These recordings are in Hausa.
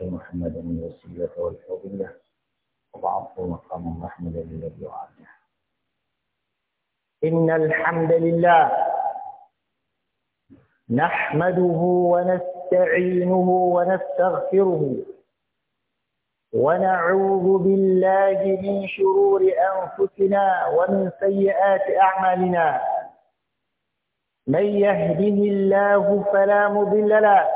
محمد من الوسيلة والفضيلة وبعثه مقام محمدا الذي وعده إن الحمد لله نحمده ونستعينه ونستغفره ونعوذ بالله من شرور أنفسنا ومن سيئات أعمالنا من يهده الله فلا مضل له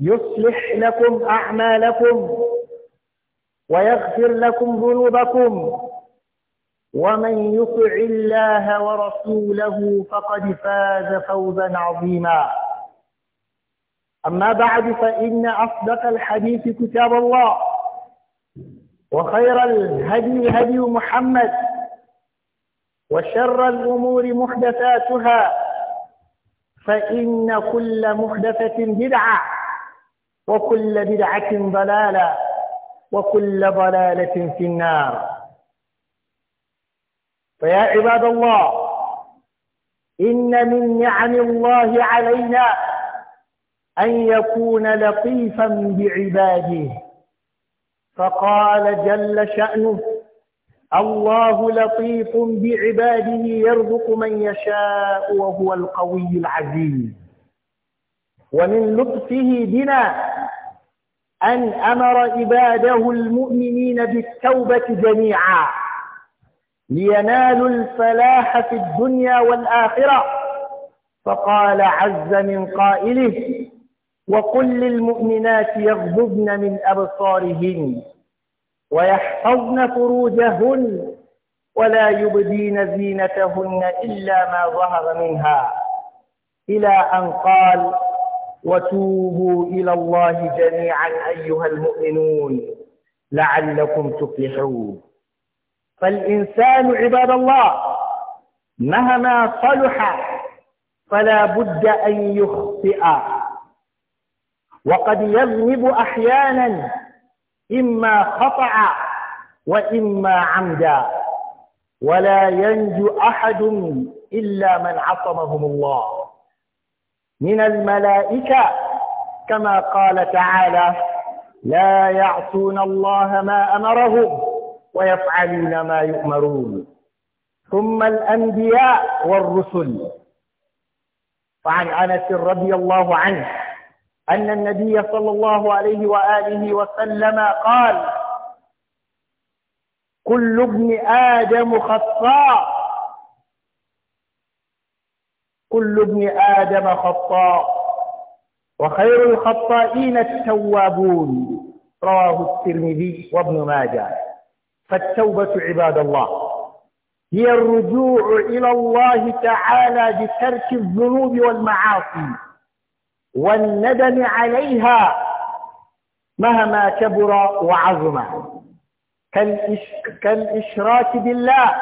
يصلح لكم أعمالكم ويغفر لكم ذنوبكم ومن يطع الله ورسوله فقد فاز فوزا عظيما أما بعد فإن أصدق الحديث كتاب الله وخير الهدي هدي محمد وشر الأمور محدثاتها فإن كل محدثة بدعة وكل بدعة ضلالة وكل ضلالة في النار فيا عباد الله إن من نعم الله علينا أن يكون لطيفا بعباده فقال جل شأنه الله لطيف بعباده يرزق من يشاء وهو القوي العزيز ومن لطفه بنا أن أمر عباده المؤمنين بالتوبة جميعا لينالوا الفلاح في الدنيا والآخرة فقال عز من قائله وقل للمؤمنات يغضبن من أبصارهن ويحفظن فروجهن ولا يبدين زينتهن إلا ما ظهر منها إلى أن قال وتوبوا إلى الله جميعا أيها المؤمنون لعلكم تفلحون فالإنسان عباد الله مهما صلح فلا بد أن يخطئ وقد يذنب أحيانا إما خطأ وإما عمدا ولا ينجو أحد إلا من عصمهم الله من الملائكة كما قال تعالى لا يعصون الله ما أمرهم ويفعلون ما يؤمرون ثم الأنبياء والرسل وعن أنس رضي الله عنه أن النبي صلى الله عليه وآله وسلم قال كل ابن آدم خطأ كل ابن آدم خطاء وخير الخطائين التوابون رواه الترمذي وابن ماجه فالتوبة عباد الله هي الرجوع إلى الله تعالى بترك الذنوب والمعاصي والندم عليها مهما كبر وعظم كالإشراك بالله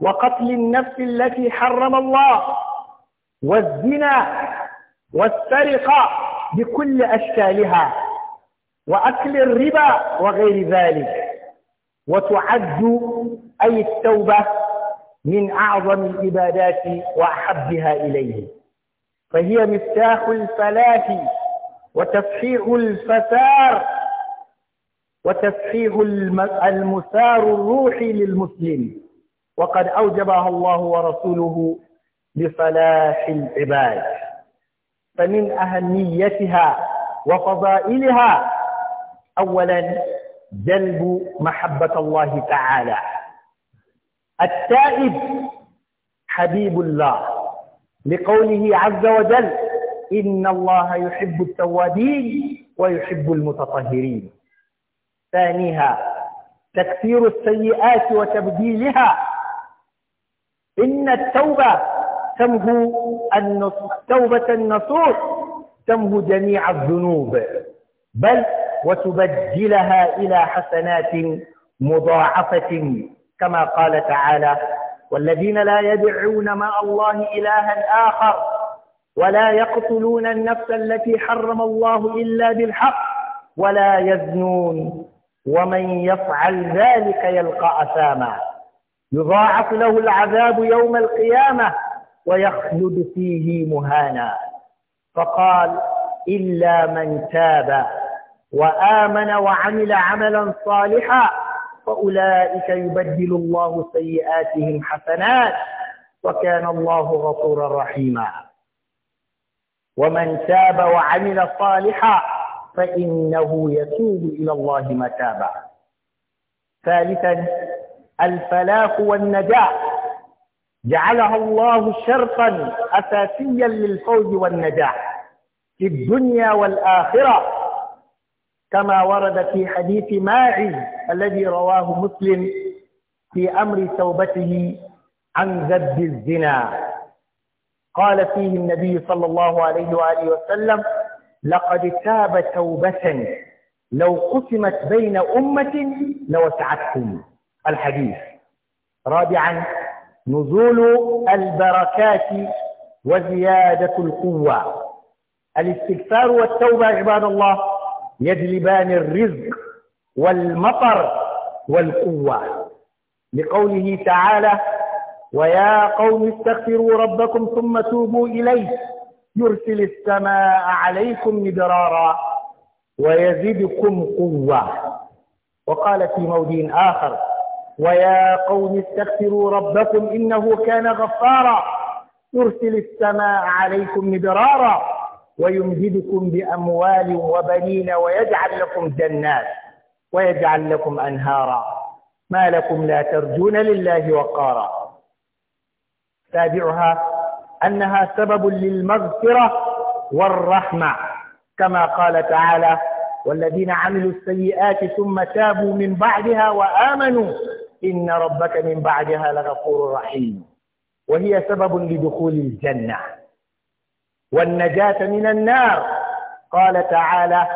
وقتل النفس التي حرم الله والزنا والسرقة بكل أشكالها وأكل الربا وغير ذلك وتعد أي التوبة من أعظم العبادات وأحبها إليه فهي مفتاح الفلاح وتصحيح الفسار وتصحيح المسار الروحي للمسلم وقد أوجبها الله ورسوله لصلاح العباد فمن أهميتها وفضائلها أولا جلب محبة الله تعالى التائب حبيب الله لقوله عز وجل إن الله يحب التوابين ويحب المتطهرين ثانيها تكثير السيئات وتبديلها إن التوبة تمهو التوبة النصوح تمهو جميع الذنوب بل وتبدلها إلى حسنات مضاعفة كما قال تعالى والذين لا يدعون مع الله إلها آخر ولا يقتلون النفس التي حرم الله إلا بالحق ولا يزنون ومن يفعل ذلك يلقى أثاما يضاعف له العذاب يوم القيامة ويخلد فيه مهانا فقال إلا من تاب وآمن وعمل عملا صالحا فأولئك يبدل الله سيئاتهم حسنات وكان الله غفورا رحيما ومن تاب وعمل صالحا فإنه يتوب إلى الله متابا ثالثا الفلاح والنجاح جعلها الله شرطا أساسيا للفوز والنجاح في الدنيا والآخرة كما ورد في حديث ماعز الذي رواه مسلم في أمر توبته عن ذب الزنا قال فيه النبي صلى الله عليه وآله وسلم لقد تاب توبة لو قسمت بين أمة لوسعتهم الحديث رابعا نزول البركات وزيادة القوة الاستغفار والتوبة عباد الله يجلبان الرزق والمطر والقوة لقوله تعالى ويا قوم استغفروا ربكم ثم توبوا إليه يرسل السماء عليكم مدرارا ويزدكم قوة وقال في موضع آخر ويا قوم استغفروا ربكم إنه كان غفارا يرسل السماء عليكم مدرارا ويمهدكم بأموال وبنين ويجعل لكم جنات ويجعل لكم أنهارا ما لكم لا ترجون لله وقارا تابعها أنها سبب للمغفرة والرحمة كما قال تعالى والذين عملوا السيئات ثم تابوا من بعدها وآمنوا إن ربك من بعدها لغفور رحيم وهي سبب لدخول الجنة والنجاة من النار قال تعالى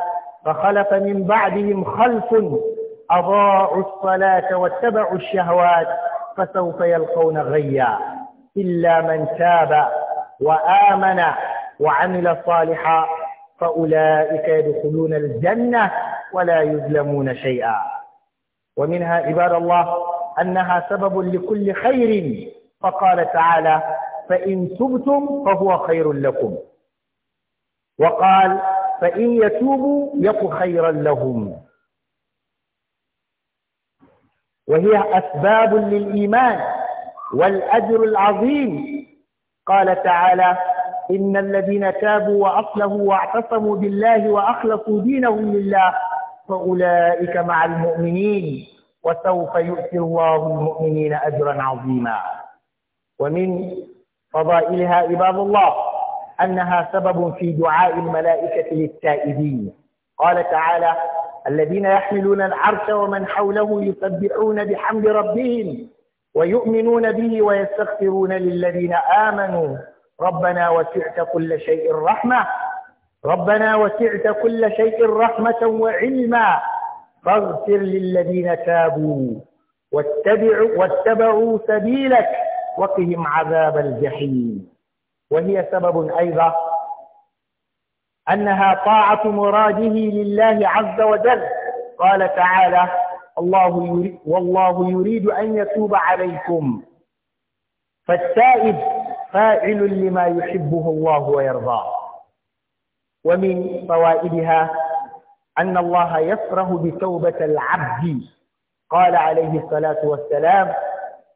فخلف من بعدهم خلف أضاعوا الصلاة واتبعوا الشهوات فسوف يلقون غيا إلا من تاب وآمن وعمل صالحا فأولئك يدخلون الجنة ولا يظلمون شيئا ومنها عباد الله أنها سبب لكل خير فقال تعالى فإن تبتم فهو خير لكم وقال فإن يتوبوا يك خيرا لهم وهي أسباب للإيمان والأجر العظيم قال تعالى إن الذين تابوا وأصلحوا واعتصموا بالله وأخلصوا دينهم لله فأولئك مع المؤمنين وسوف يؤتي الله المؤمنين أجرا عظيما ومن فضائلها عباد الله أنها سبب في دعاء الملائكة للتائبين قال تعالى الذين يحملون العرش ومن حوله يسبحون بحمد ربهم ويؤمنون به ويستغفرون للذين آمنوا ربنا وسعت كل شيء رحمة ربنا وسعت كل شيء رحمة وعلما فاغفر للذين تابوا واتبعوا, واتبعوا سبيلك وقهم عذاب الجحيم وهي سبب أيضا أنها طاعة مراده لله عز وجل قال تعالى الله يريد والله يريد أن يتوب عليكم فالتائب فاعل لما يحبه الله ويرضاه ومن فوائدها أن الله يفرح بتوبة العبد قال عليه الصلاة والسلام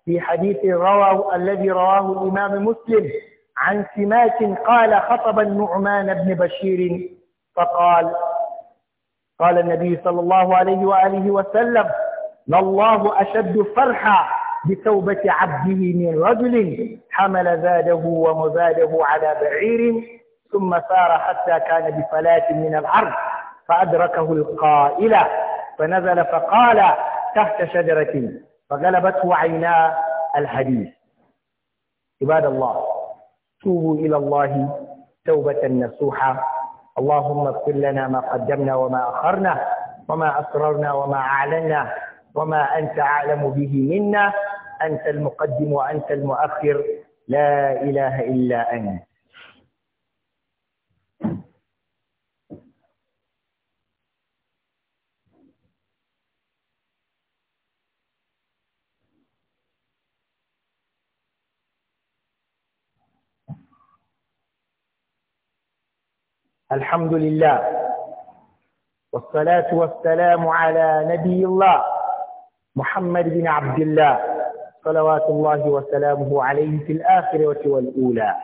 في حديث رواه الذي رواه الإمام مسلم عن سمات قال خطب النعمان بن بشير فقال قال النبي صلى الله عليه وآله وسلم لله أشد فرحا بتوبة عبده من رجل حمل زاده ومزاده على بعير ثم سار حتى كان بفلاة من العرض فأدركه القائل فنزل فقال تحت شجرة فغلبته عينا الحديث عباد الله توبوا إلى الله توبة نصوحة اللهم اغفر لنا ما قدمنا وما أخرنا وما أسررنا وما أعلنا وما أنت أعلم به منا أنت المقدم وأنت المؤخر لا إله إلا أنت الحمد لله والصلاة والسلام على نبي الله محمد بن عبد الله صلوات الله وسلامه عليه في الآخرة والأولى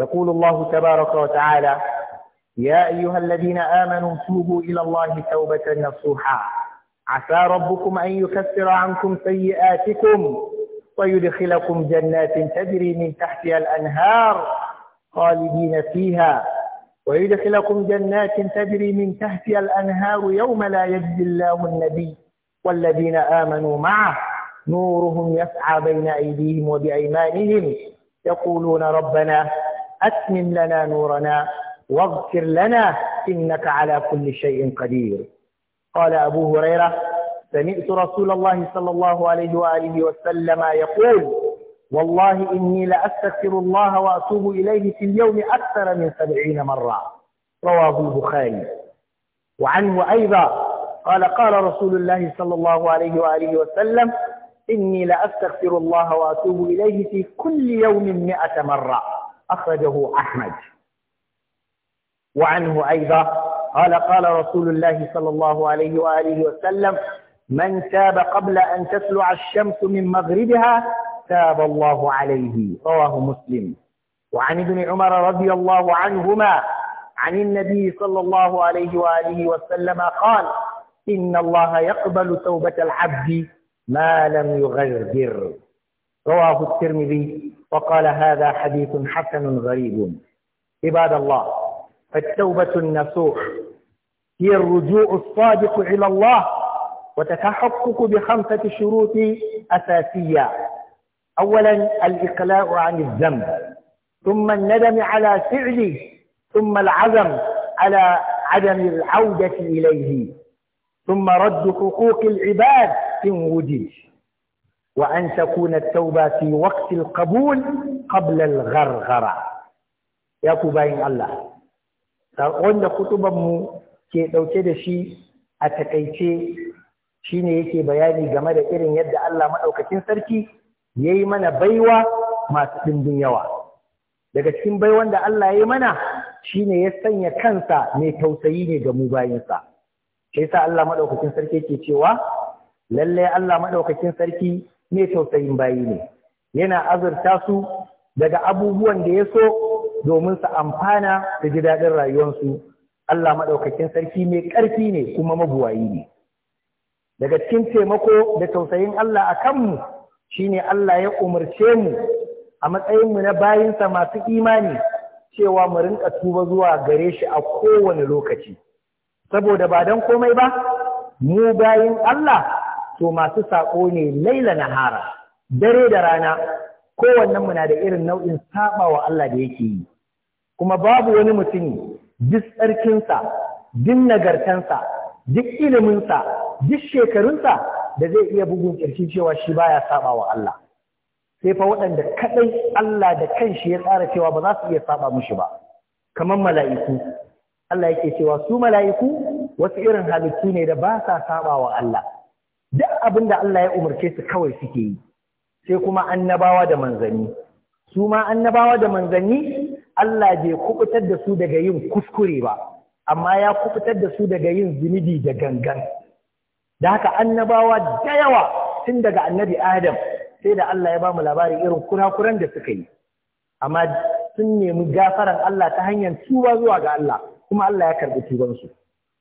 يقول الله تبارك وتعالى يا أيها الذين آمنوا توبوا إلى الله توبة نصوحا عسى ربكم أن يكفر عنكم سيئاتكم ويدخلكم جنات تجري من تحتها الأنهار خالدين فيها ويدخلكم جنات تجري من تحتها الأنهار يوم لا يجزي الله النبي والذين آمنوا معه نورهم يسعى بين أيديهم وبأيمانهم يقولون ربنا أتمم لنا نورنا واغفر لنا إنك على كل شيء قدير قال أبو هريرة سمعت رسول الله صلى الله عليه وآله وسلم يقول والله إني لأستغفر الله وأتوب إليه في اليوم أكثر من سبعين مرة رواه البخاري وعنه أيضا قال قال رسول الله صلى الله عليه وآله وسلم إني لأستغفر الله وأتوب إليه في كل يوم مئة مرة أخرجه أحمد وعنه أيضا قال قال رسول الله صلى الله عليه وآله وسلم من تاب قبل أن تطلع الشمس من مغربها تاب الله عليه رواه مسلم وعن ابن عمر رضي الله عنهما عن النبي صلى الله عليه وآله وسلم قال إن الله يقبل توبة العبد ما لم يغرغر رواه الترمذي وقال هذا حديث حسن غريب عباد الله فالتوبة النصوح هي الرجوع الصادق إلى الله وتتحقق بخمسة شروط أساسية أولا الإقلاع عن الذنب ثم الندم على فعله ثم العزم على عدم العودة إليه ثم رد حقوق العباد إن وجد وأن تكون التوبة في وقت القبول قبل الغرغرة يا كوباين الله تقول كتبه ke ɗauke da shi a takaice shi ne yake bayani game da irin yadda Allah maɗaukacin ya yi mana baiwa masu ɗimbin yawa daga cikin baiwan da Allah ya yi mana shi ne ya sanya kansa mai tausayi ne ga mu bayansa sai sa Allah maɗaukakin sarki ke cewa lallai Allah maɗaukakin sarki mai tausayin bayi ne yana azurta su daga abubuwan da ya so domin su amfana da ji daɗin rayuwarsu Allah maɗaukakin sarki mai ƙarfi ne kuma mabuwayi ne daga cikin taimako da tausayin Allah a kanmu shine Allah ya umarce mu a matsayinmu na bayinsa masu imani cewa mu rinka tuba zuwa gare shi a kowane lokaci saboda ba don komai ba mu bayin Allah to masu saƙo ne laila na hara. dare da rana kowannen mu na da irin nau'in saba wa Allah da yake yi kuma babu wani mutumi duk tsarkinsa duk nagartansa duk iliminsa duk shekarunsa da zai iya bugun kirki cewa shi baya saba wa Allah sai fa waɗanda kaɗai Allah da kanshi ya tsara cewa ba za su iya saba mishi ba kamar mala'iku Allah yake cewa su mala'iku wasu irin halittu ne da ba sa saba wa Allah duk abin da Allah ya umarce su kawai suke yi sai kuma annabawa da manzanni su ma annabawa da manzanni Allah bai kubutar da su daga yin kuskure ba amma ya kubutar da su daga yin zunubi da gangan da haka annabawa da yawa tun daga annabi adam sai da Allah ya ba mu labarin irin kurakuran da suka yi amma sun nemi gafaran Allah ta hanyar tuba zuwa ga Allah kuma Allah ya karɓi tubansu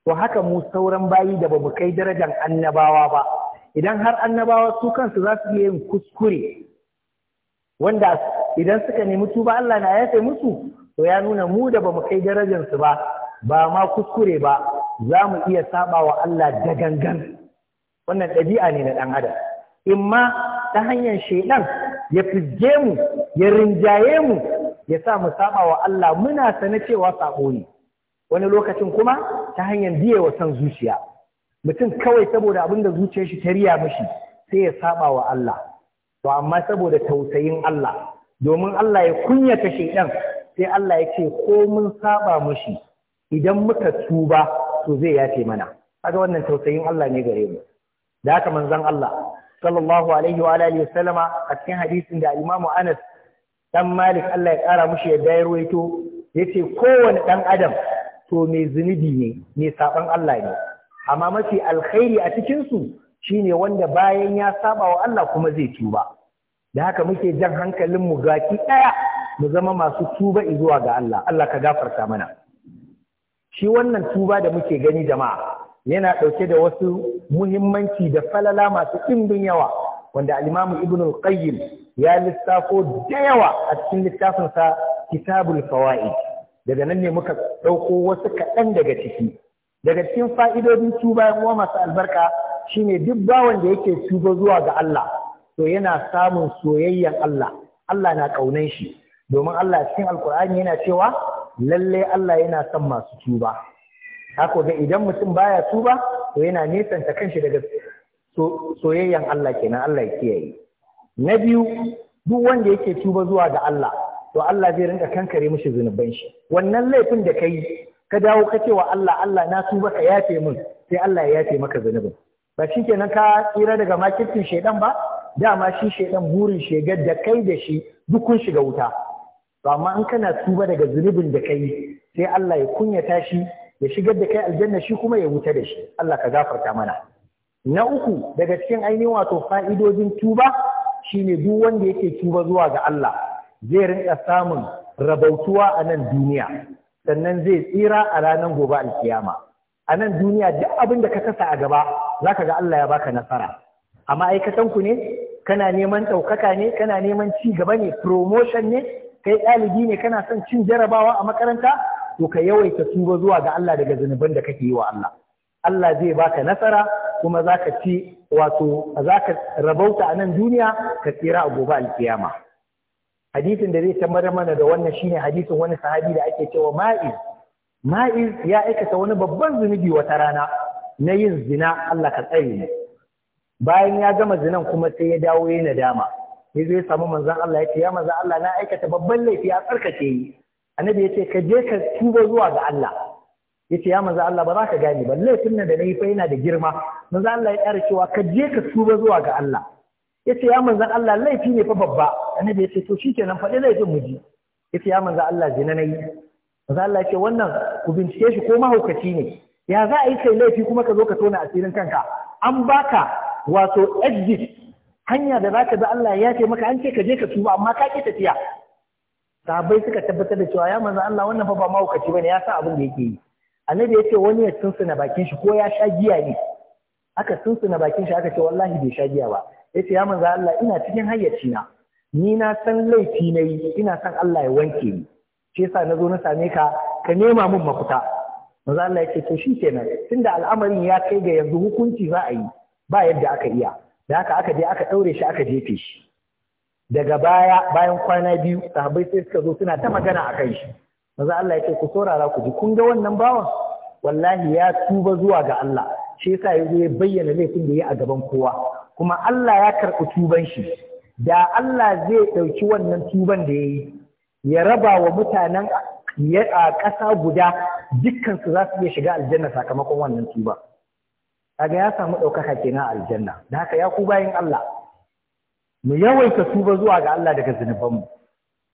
to haka mu sauran bayi da bamu kai darajar annabawa ba idan har annabawa su kansu za su iya yin kuskure wanda idan suka nemi tuba Allah na ya sai musu to ya nuna mu da bamu kai darajar su ba ba ma kuskure ba za mu iya saba wa Allah da gangan wannan ɗabi'a ne na ɗan adam In ma ta hanyar shaidan ya fije mu ya rinjaye mu ya sa mu saba wa Allah muna sane cewa sabo ne wani lokacin kuma ta hanyar biye wa san zuciya mutum kawai saboda abin da zuciyar shi ta riya mishi sai ya saba wa Allah to amma saboda tausayin Allah domin Allah ya kunyata shaidan sai Allah ya ce ko mun saba mishi idan muka tuba to zai yafe mana kaga wannan tausayin Allah ne gare mu da haka manzon Allah sallallahu alaihi wa alihi wasallama a cikin hadisin da Imam Anas dan Malik Allah ya kara mushi ya dai ruwaito yace kowane dan adam to mai zunubi ne mai saban Allah ne amma mafi alkhairi a cikin su shine wanda bayan ya saba wa Allah kuma zai tuba da haka muke jan hankalin mu gaki daya mu zama masu tuba zuwa ga Allah Allah ka gafarta mana shi wannan tuba da muke gani jama'a yana ɗauke da wasu muhimmanci da falala masu ɗimbin yawa wanda alimamu ibn al-qayyim ya lissafo da yawa a cikin littafinsa kitabul fawaid daga nan ne muka ɗauko wasu kaɗan daga ciki daga cikin fa'idodin tuba ya kuma masu albarka shine duk bawan da yake tuba zuwa ga Allah to yana samun soyayyan Allah Allah na ƙaunan shi domin Allah cikin alkur'ani yana cewa lalle Allah yana son masu tuba haka ga idan mutum baya tuba to yana nesanta kanshi daga soyayyan Allah kenan Allah ya kiyaye na biyu duk wanda yake tuba zuwa ga Allah to Allah zai rinka kankare mishi zunuban shi wannan laifin da kai ka dawo ka ce wa Allah Allah na tuba ka yafe min sai Allah ya yafe maka zunubin ba shi kenan ka tsira daga makircin shaidan ba dama shi shaidan burin shegar da kai da shi duk kun shiga wuta to amma in kana tuba daga zunubin da kai sai Allah ya kunyata shi ya shigar da kai aljanna shi kuma ya wuta da shi Allah ka gafarta mana na uku daga cikin ainihin wato fa'idodin tuba shine duk wanda yake tuba zuwa ga Allah zai rinka samun rabautuwa a nan duniya sannan zai tsira a ranar gobe alkiyama a nan duniya duk abin da ka kasa a gaba zaka ga Allah ya baka nasara a ku ne kana neman ɗaukaka ne kana neman ci gaba ne promotion ne kai ɗalibi ne kana son cin jarabawa a makaranta to ka yawaita tuba zuwa ga Allah daga zunuban da kake yi wa Allah Allah zai baka nasara kuma zaka ci wato zaka rabauta a nan duniya ka tsira a gobe alkiyama hadisin da zai tambayar mana da wannan shine hadisin wani sahabi da ake cewa ma'iz ma'iz ya aikata wani babban zunubi wata rana na yin zina Allah ka tsare ni bayan ya gama zinan kuma sai ya dawo yana nadama ya zai samu manzon Allah ya ce ya manzon Allah na aikata babban laifi a tsarkake yi annabi ya ce ka je ka tuba zuwa ga Allah ya ce ya manzo Allah ba za ka gane ba laifin nan da na yi fa yana da girma manzo Allah ya ƙara cewa ka je ka tuba zuwa ga Allah ya ce ya manzo Allah laifi ne fa babba annabi ya ce to shikenan faɗi laifin mu ji ya ce ya manzo Allah zina na yi manzo Allah ya ce wannan ku bincike shi ko mahaukaci ne ya za a yi kai laifi kuma ka zo ka tona asirin kanka an baka wato exit hanya da za ka bi Allah ya ce maka an ce ka je ka tuba amma ka ki tafiya sahabbai suka tabbatar da cewa ya manzo Allah wannan fa ba mahaukaci bane ya sa abin da yake yi annabi ya ce wani ya tunsuna bakin shi ko ya sha giya ne aka tunsuna bakin shi aka ce wallahi bai sha giya ba ya ce ya manzo Allah ina cikin hayyaci na ni na san laifi na yi ina san Allah ya wanke ni shi yasa na zo na same ka ka nema min mafita manzo Allah ya ce to shi kenan tunda al'amarin ya kai ga yanzu hukunci za a yi ba yadda aka iya da haka aka je aka daure shi aka jefe shi daga baya bayan kwana biyu sahabbai sai suka zo suna ta magana a kan shi maza Allah ya ce ku saurara ku ji kun ga wannan bawan wallahi ya tuba zuwa ga Allah shi yasa ya zo ya bayyana laifin da ya a gaban kowa kuma Allah ya karɓi tuban shi da Allah zai ɗauki wannan tuban da ya yi ya raba wa mutanen a ƙasa guda dukkan su za su iya shiga aljanna sakamakon wannan tuba kaga ya samu ɗaukaka kenan aljanna da haka ya ku bayan Allah mu yawaita tuba zuwa ga Allah daga zunubanmu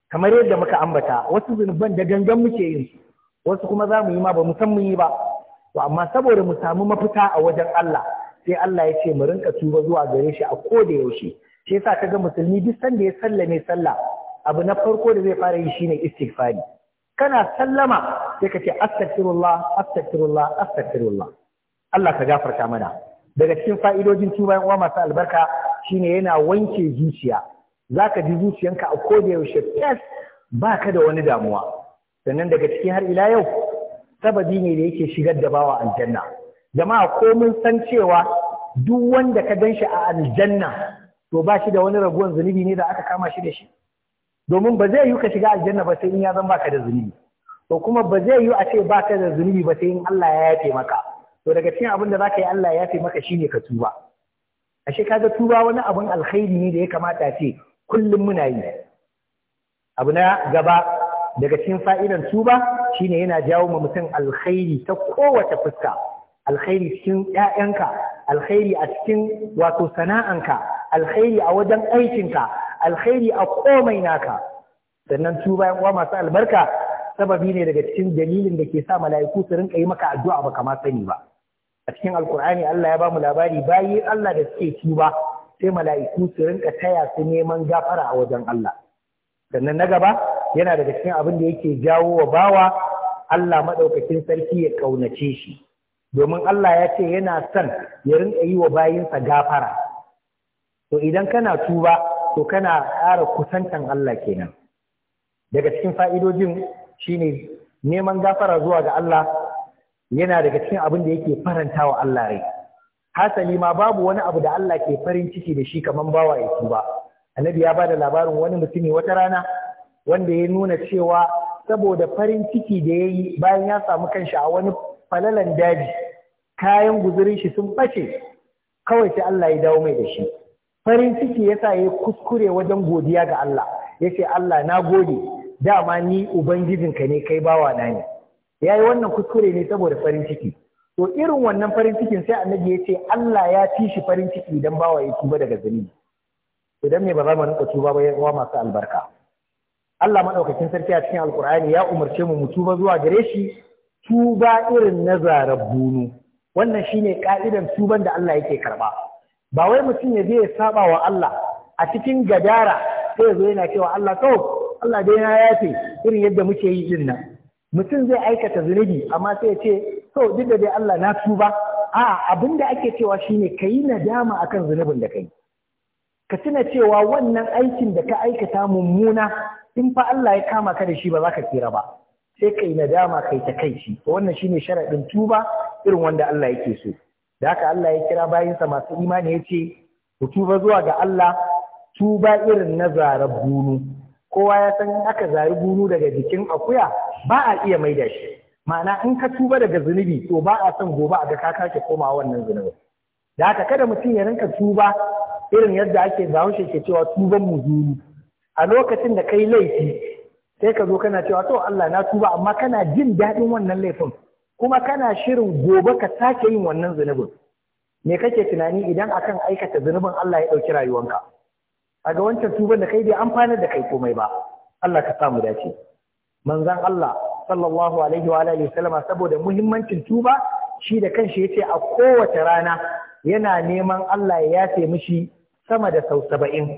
kamar yadda muka ambata wasu zunuban da gangan muke yin su wasu kuma za mu yi ma ba mu san mu yi ba to amma saboda mu samu mafita a wajen Allah sai Allah ya ce mu rinka tuba zuwa gare shi a ko da yaushe shi ka ga musulmi duk sanda ya sallame sallah abu na farko da zai fara yi shine istighfari kana sallama sai ka ce astaghfirullah astaghfirullah astaghfirullah Allah ka gafarta mana daga cikin fa'idojin tuba uwa masu albarka shine yana wanke zuciya Za ka ji zuciyanka a ko da yaushe yes ka da wani damuwa sannan daga cikin har ila yau sababi ne da yake shigar da bawa aljanna jama'a ko mun san cewa duk wanda ka gan shi a aljanna to ba shi da wani raguwan zunubi ne da aka kama shi da shi domin ba zai yi ka shiga aljanna ba sai in ya zan baka da zunubi to kuma ba zai yi a ce baka da zunubi ba sai in Allah ya yafe maka to daga cikin abin da zaka yi Allah ya fi maka shine ka tuba ashe kaga tuba wani abun alkhairi ne da ya kamata ce kullum muna yi abu na gaba daga cikin fa'idan tuba shine yana jawo ma mutum alkhairi ta kowace fuska alkhairi cikin ƴaƴanka alkhairi a cikin wato sana'anka alkhairi a wajen aikinka alkhairi a komai naka sannan tuba yan uwa masu albarka sababi ne daga cikin dalilin da ke sa mala'iku su rinka yi maka addu'a baka ma sani ba a cikin alkur'ani Allah ya bamu labari bayi Allah da suke tuba sai mala'iku su rinka taya su neman gafara a wajen Allah sannan na gaba yana daga cikin abin da yake jawo wa bawa Allah madaukakin sarki ya kaunace shi domin Allah ya ce yana son ya rinka yi wa bayinsa gafara to idan kana tuba to kana ƙara kusantan Allah kenan daga cikin fa'idojin shine neman gafara zuwa ga Allah yana daga cikin abin da yake faranta wa Allah rai hasali ma babu wani abu da Allah ke farin ciki da shi kaman bawa ya ba. annabi ya bada labarin wani mutumi wata rana wanda ya nuna cewa saboda farin ciki da yayi bayan ya samu kanshi a wani falalan daji kayan guzurin shi sun bace kawai sai Allah ya dawo mai da shi farin ciki yasa ya kuskure wajen godiya ga Allah yace Allah na gode dama ni ubangijinka ne kai bawa na ne ya yi wannan kuskure ne saboda farin ciki to irin wannan farin cikin sai annabi ya ce Allah ya fi shi farin ciki idan bawa ya tuba daga zunubi to dan me ba za mu rinka tuba ba yawa masu albarka Allah madaukakin sarki a cikin alkur'ani ya umarce mu mu tuba zuwa gare shi tuba irin na zarar bunu wannan shine ka'idan tuban da Allah yake karba ba wai mutum ya je ya saba wa Allah a cikin gadara sai ya zo yana cewa Allah to Allah dai na yafe irin yadda muke yi din nan mutum zai aikata zunubi amma sai ya ce to duk da dai Allah na tuba a abin da ake cewa shine kayi nadama akan zunubin da kai ka tuna cewa wannan aikin da ka aikata mummuna in fa Allah ya kama ka da shi ba za ka tsira ba sai kai nadama kai ta kai shi wannan shine sharadin tuba irin wanda Allah yake so da haka Allah ya kira bayinsa masu imani ya ce ku tuba zuwa ga Allah tuba irin na zarar bunu kowa ya san aka zari guru daga jikin akuya ba a iya maida shi ma'ana in ka tuba daga zunubi to ba a son gobe a ga ka kake koma wannan zunubi da haka kada mutum ya rinka tuba irin yadda ake bahaushe ke cewa tuban muzuru a lokacin da kai laifi sai ka zo kana cewa to Allah na tuba amma kana jin daɗin wannan laifin kuma kana shirin gobe ka sake yin wannan zunubin me kake tunani idan akan aikata zunubin Allah ya ɗauki rayuwanka a ga wancan tuban da kai bai amfanar da kai komai ba Allah ka samu dace manzon Allah sallallahu alaihi wa alihi wasallama saboda muhimmancin tuba shi da kanshi yace a kowace rana yana neman Allah ya yafe mishi sama da sau saba'in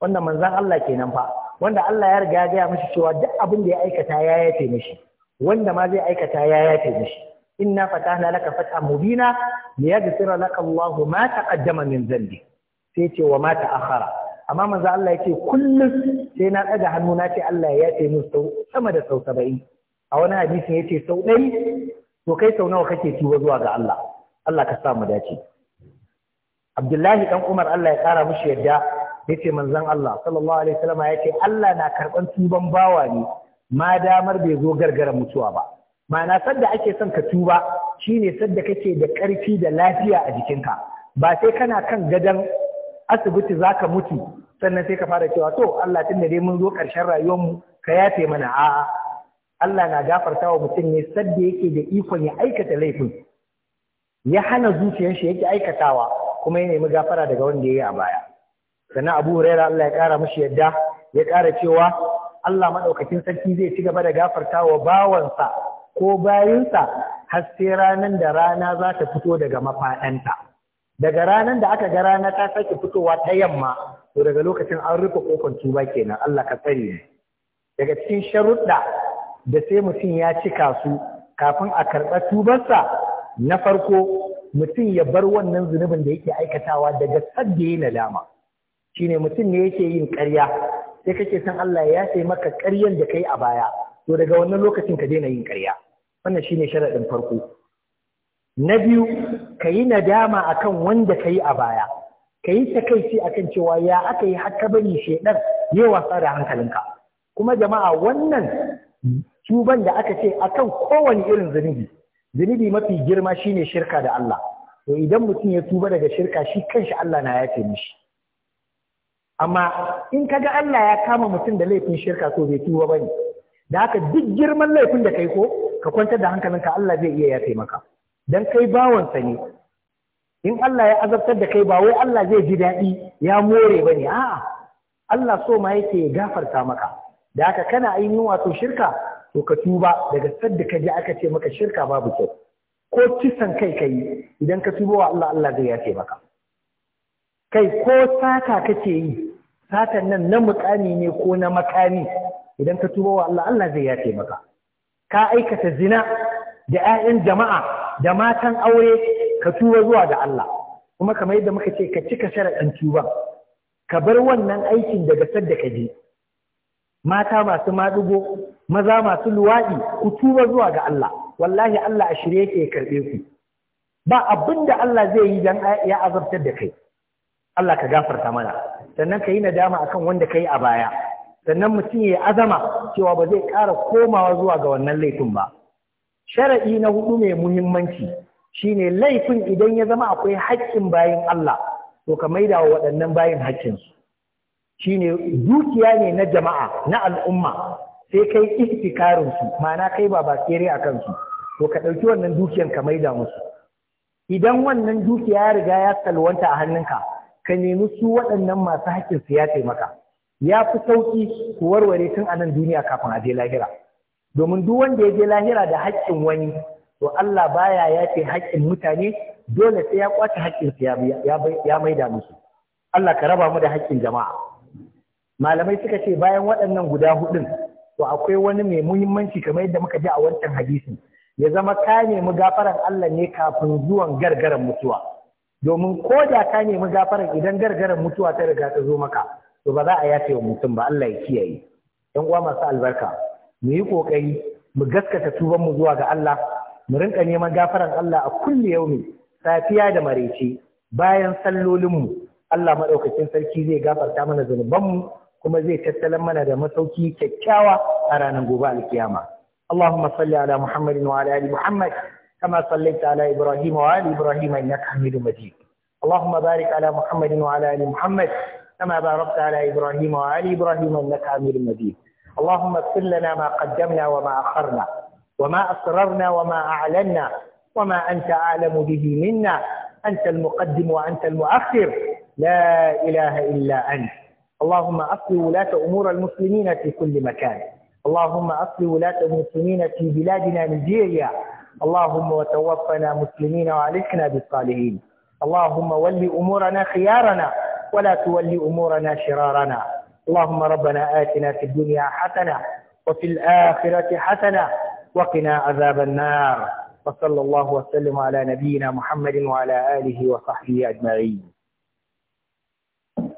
wannan manzon Allah kenan fa wanda Allah ya riga ya gaya mishi cewa duk abin da ya aikata ya yafe mishi wanda ma zai aikata ya yafe mishi inna fatahna laka fathan mubina liyaghfira laka Allahu ma taqaddama min dhanbi sai ce wa ma ta'akhkhara amma manzo Allah yake kullum sai na ɗaga hannu na ce Allah ya yafe min sau sama da sau saba'in a wani hadisin yace sau ɗari to kai sau nawa kake tuba zuwa ga Allah Allah ka sa mu dace Abdullahi dan Umar Allah ya kara mushi yadda yace manzon Allah sallallahu alaihi wasallam yace Allah na karban tuban bawa ne ma damar bai zo gargara mutuwa ba ma'ana sadda ake son ka tuba shine sadda kake da ƙarfi da lafiya a jikinka ba sai kana kan gadon asibiti za ka mutu sannan sai ka fara cewa to Allah tun da dai mun zo ƙarshen rayuwarmu ka yafe mana a'a Allah na gafarta wa mutum ne sadda yake da ikon ya aikata laifin ya hana zuciyar shi yake aikatawa kuma ya nemi gafara daga wanda ya yi a baya sannan Abu Huraira Allah ya ƙara mishi yadda ya ƙara cewa Allah maɗaukakin sarki zai ci gaba da gafarta wa bawansa ko bayinsa har sai ranar da rana za ta fito daga mafaɗanta. daga ranar da aka ga rana ta sake fitowa ta yamma to daga lokacin an rufe kofar tuba kenan Allah ka tsare daga cikin sharuɗa da sai mutum ya cika su kafin a karɓa tubarsa na farko mutum ya bar wannan zunubin da yake aikatawa daga sadda ya nadama shine mutum ne yake yin karya, sai kake san Allah ya sai maka ƙaryan da kai a baya to daga wannan lokacin ka daina yin ƙarya wannan shine sharaɗin farko na biyu ka yi nadama a kan wanda ka yi a baya ka yi takaici kan cewa ya aka yi haka bari shaidar? yi wasa da hankalinka kuma jama'a wannan tuban da aka ce akan kowane irin zunubi zunubi mafi girma shine shirka da Allah to idan mutum ya tuba daga shirka shi kanshi Allah na ya mishi amma in kaga Allah ya kama mutum da laifin shirka to bai tuba ba ne. da haka duk girman laifin da kai ko ka kwantar da hankalinka Allah zai iya ya maka dan kai bawansa ne in Allah ya azabtar da kai ba wai Allah zai ji daɗi ya more ba ne a'a Allah so ma yake ya gafarta maka da haka kana ainihin wato shirka to ka tuba daga sadda ka ji aka ce maka shirka babu kyau ko kisan kai kai idan ka tuba wa Allah Allah zai yace maka kai ko sata kake yi satan nan na mukami ne ko na makami idan ka tuba wa Allah Allah zai yace maka ka aikata zina da 'ya'yan jama'a da matan aure ka tuba zuwa ga Allah kuma kamar yadda muka ce ka cika sharaɗin tuba ka bar wannan aikin daga sadda ka je mata masu madugo maza masu luwaɗi ku tuba zuwa ga Allah wallahi Allah a shirye yake karɓe ku ba abinda Allah zai yi dan ya azabtar da kai Allah ka gafarta mana sannan ka yi nadama akan wanda ka a baya sannan mutum ya azama cewa ba zai ƙara komawa zuwa ga wannan laifin ba sharaɗi na hudu mai muhimmanci shine laifin idan ya zama akwai haƙƙin bayan Allah to ka maida wa waɗannan bayin haƙƙinsu shine dukiya ne na jama'a na al'umma sai kai iftikarin su ma'ana kai ba ba tsere a kansu to ka ɗauki wannan dukiyan ka maida musu idan wannan dukiya ya riga ya salwanta a hannunka ka nemi su waɗannan masu haƙƙin su ya taimaka ya fi sauƙi ku warware tun a nan duniya kafin a je lahira domin duk wanda ya je lahira da haƙƙin wani to Allah baya ya ce haƙƙin mutane dole sai ya kwace haƙƙin su ya maida musu Allah ka raba mu da haƙƙin jama'a malamai suka ce bayan waɗannan guda hudun to akwai wani mai muhimmanci kamar yadda muka ji a wancan hadisin ya zama ka nemi gafaran Allah ne kafin zuwan gargaran mutuwa domin ko da ka nemi gafaran idan gargaran mutuwa ta riga ta zo maka to ba za a yafe wa mutum ba Allah ya kiyaye yan uwa masu albarka mu yi ƙoƙari mu gaskata tuban mu zuwa ga Allah mu rinka neman gafaran Allah a kulle yaumi safiya da maraice bayan sallolinmu Allah madaukakin sarki zai gafarta mana zunubanmu kuma zai tattalin mana da masauki kyakkyawa a ranar gobe alkiyama Allahumma salli ala Muhammadin wa ala ali Muhammad kama sallaita ala Ibrahim wa ali Ibrahim innaka Hamidum Majid اللهم بارك على محمد وعلى ال محمد كما باركت على ابراهيم وعلى ابراهيم انك حميد مجيد اللهم اغفر لنا ما قدمنا وما أخرنا وما أسررنا وما أعلنا وما أنت أعلم به منا أنت المقدم وأنت المؤخر لا إله إلا أنت اللهم أصل ولاة أمور المسلمين في كل مكان اللهم أصل ولاة المسلمين في بلادنا نيجيريا اللهم وتوفنا مسلمين وعليكنا بالصالحين اللهم ول أمورنا خيارنا ولا تول أمورنا شرارنا اللهم ربنا آتنا في الدنيا حسنة وفي الآخرة حسنة وقنا عذاب النار وصلى الله وسلم على نبينا محمد وعلى آله وصحبه أجمعين